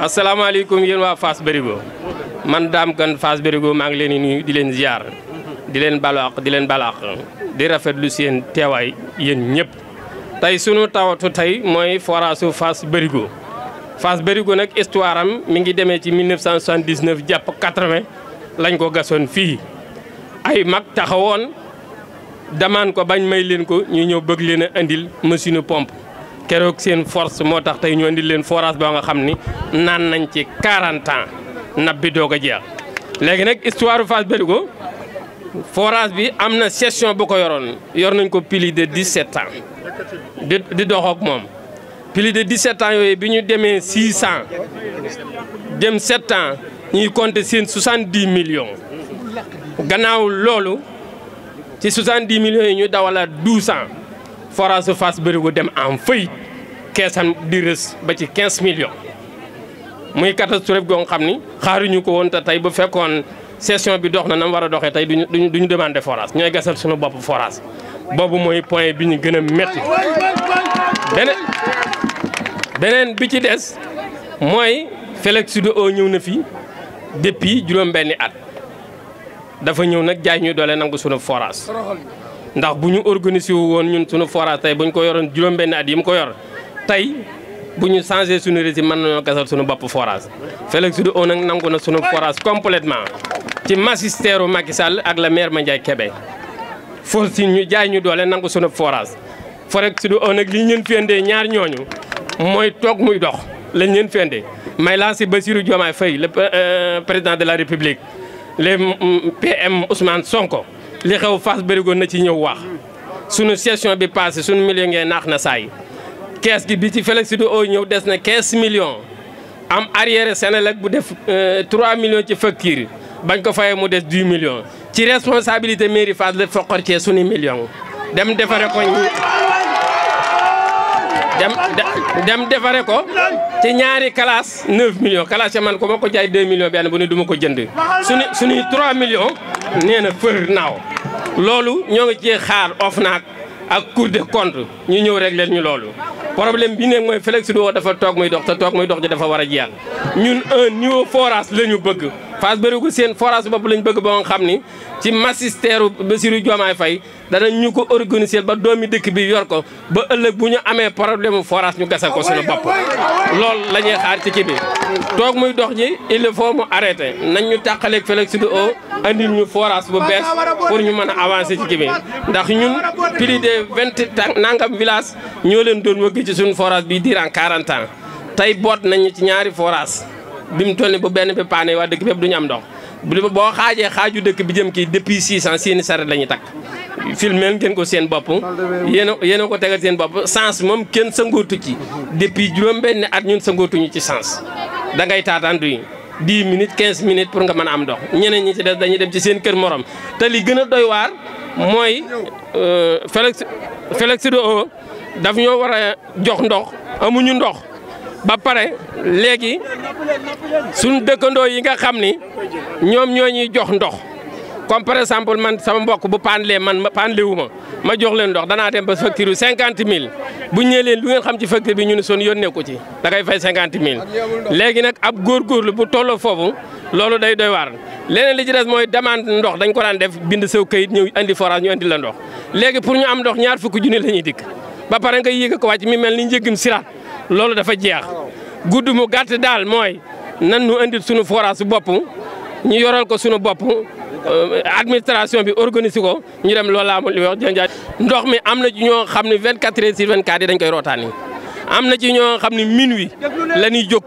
Assalamualaikum yeen wa fas berigo man dam kan fas berigo ma ngi len ni di len ziar di len balax di len balax di rafetlu sen teway yeen ñep tay sunu tawatu tay moy forasu fas berigo fas berigo nak histoire am mi ngi deme ci 1979 japp 80 lañ ko gasson fi ay mak taxawon daman ko bañ may len ko ñu ñew bëgg leena andil machine pompe. keroog seen force moo tax tey ñu indi leen forage boo nga xam ni naan nañ ci 40 ans nab bi doog a jeex léegi nag histoire Fass Béthio forage bi am na session bu ko yoroon yor nañ ko plus de dix ans di di dox ak moom plus de 17 ans yooyu bi ñu demee 600 dem 7 ans ñuy compter seen 70 million gannaaw loolu ci 70 millions yi ñu dawala 12 ans forage su Fass Béthio dem en faillite keesam di rës ba ci 15 millions muy catastrophe goo xam ni xaaruñu ko woon te tey bu fekkoon session bi dox na nam war a doxee tey duñu duñu duñu demandé forage ñooy gasal suñu bopp forage boobu mooy point bi ñu gën a métti beneen bi ci des mooy Félix Sédhiou ñëw na fi depuis juróom-benni at dafa ñëw nag jaay ñuy doole nangu suñu forage ndax bu ñu organisé wu woon ñun suñu forage tey bu ñu ko yoroon juróom-benni at yi mu ko yor tey bu ñu changé suñu régime man nañoo gasal suñu bopp forage Félix Sudou nag nangu na suñu forage complètement ci magistère Macky Sall ak la maire Mandiaye Kébé force yi ñu jaay ñu doole nangu suñu forage Félix Sudou nag li ñeen fiyandee ñaar ñooñu mooy toog muy dox lañ leen fiyandee may lancé si Diomaye Faye le euh, président de la République le PM Ousmane Sonko li xew Fass bërigoon na ci ñëw wax sunu session bi passé sunu million ngeen naax na saay kees gi ci Félix Aude ñëw des na 15 millions am arrière Sénélec bu def 3 euh, millions ci facture bañ ko fayee mu des 10 millions ci responsabilité mairie Fass la foqor cee suñu million dem defare ko dem dem defare ko ci ñaari classe 9 millions classe man ko ma ko jaay 2 millions benn bu ne du ko jënd suñu suñuy 3 nee na fër naaw loolu ñoo ngi ci xaar OFNAC ak Cour des comptes ñu ñëw rek leen ñu loolu problème bi ne mooy Félix Doulo dafa toog muy dox te toog muy dox ji dafa war a jeex ñun un niveau forage la ñu bëgg Fass Bérégout Sène forage bopp la ñu bëgg ba nga xam ni ci magistère Bassirou Diomaye fay danañ ñu ko organiser ba doomi dëkk bi yor ko ba ëllëg bu ñu amee problème forage ñu gasal ko suñu bopp ah ah ah loolu la ñuy xaar ci bi toog muy dox ji il faut mu arrêté nañ ñu tàqaleeg Félix Sido andil ñu forage bu bees pour ñu mën a avancé ci Kébémer ndax ñun plus de vingt nangam village ñoo leen doon wëgg ci suñu forage bi durant 40 ans tey boot nañu ci ñaari forage bi mu toll ni bu benn bi paane waa dëkk bépp du ñu am ndox boo xaajee xaaju dëkk bi jëm kii depuis 600 seeni saret la ñuy takk filmeel ngeen ko seen bopp yéen yéen ko tegal seen bopp sens moom kenn sangootu ci depuis juróom at ñun sangootuñu ci sens da ngay taataan duy 10 minutes 15 minutes pour nga mën a am ndox ñeneen ñi ci des dañuy dem ci seen kër morom te li gën a doy waar mooy Félix Félix Doo daf ñoo war a jox ndox amuñu ndox ba pare léegi suñu dëkkandoo yi nga xam ni ñoom ñoo ñuy jox ndox. comme par exemple man sama mbokk bu paanlee man ma paanle wu ma ma jox leen ndox danaa dem ba facture yu cinquante mille bu ñëwee leen lu ngeen xam ci facture bi ñu ne soon yónnee ko ci da ngay fay cinquante mille léegi nag ab góorgóorlu bu tolloo foofu loolu day doy waar leneen li ci des mooy demande ndox dañ ko daan def bind saw kayit ñëw andi forage ñu andi la ndox léegi pour ñu am ndox ñaar fukki junni la ñuy dikk ba pare nga yéeg ko wàcc mi mel ni njëggum siraat loolu dafa jeex gudd mu gàtt daal mooy nan nu andil suñu forage su bopp ñu yoral ko suñu bopp Euh, administration bi organiser ko ñu dem loolu laa li wax jënjaay ndox mi am na ci ñoo xam ne 24 heures sur 24 yi dañ koy rootaan yi am na ci ñoo xam ne minuit la ñuy jóg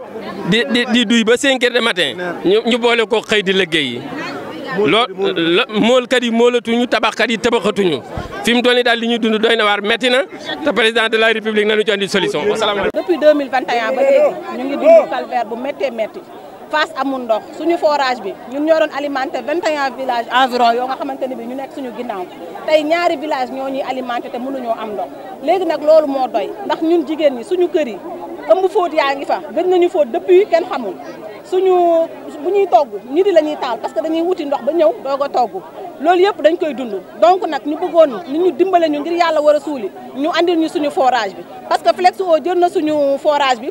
di di di duy ba 5 heures du matin ñu boole ko xëy di liggéey yi. loo moolkat yi moolatuñu tabaxkat yi tabaxatuñu fi mu toll nii daal li ñu dund dooy na waar métti na te président de la république nañu ci andi solution. wasalaamaaleykum. bu méttee métti. Fass amul ndox suñu forage bi ñun ñoo doon alimenté 21 village environ yoo nga xamante ne bi ñu nekk ñu ginnaaw tey ñaari village ñoo ñuy alimenté te ñoo am ndox léegi nag loolu moo doy ndax ñun jigéen ñi suñu kër yi ëmb fóot yaa ngi fa gëj nañu fóot depuis kenn xamul suñu bu ñuy togg ñi di la ñuy taal parce que dañuy wuti ndox ba ñëw doog a togg loolu yëpp dañ koy dund donc nag ñu bëggoon ni ñu dimbale ñu ngir yàlla war a suuli ñu andil ñu suñu forage bi parce que Flex'Eau jël na suñu forage bi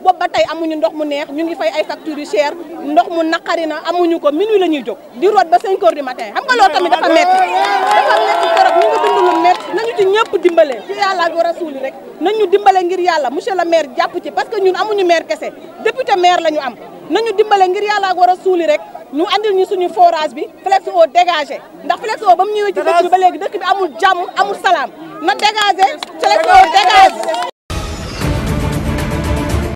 boobu ba tey amuñu ndox mu neex ñu ngi fay ay factures yu cher ndox mu naqari na amuñu ko minuit la ñuy jóg di root ba 5 heures du matin xam nga loolu tamit dafa metti dafa metti trop ñu ngi ñëpp dimbalee ci yàlla ak rasuul rek nañu dimbalee ngir yàlla monsieur le maire jàpp ci parce que ñun amuñu maire kese député maire la ñu am nañu dimbale ngir yàlla ak rasuul rek ñu andil ñu suñu forage bi flex eau dégagé ndax flex eau ba mu ñëwee ci dëkk ba léegi dëkk bi amul jàmm na